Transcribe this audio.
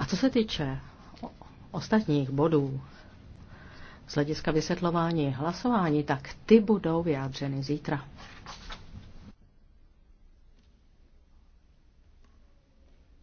A co se týče ostatních bodů z hlediska vysvětlování hlasování, tak ty budou vyjádřeny zítra.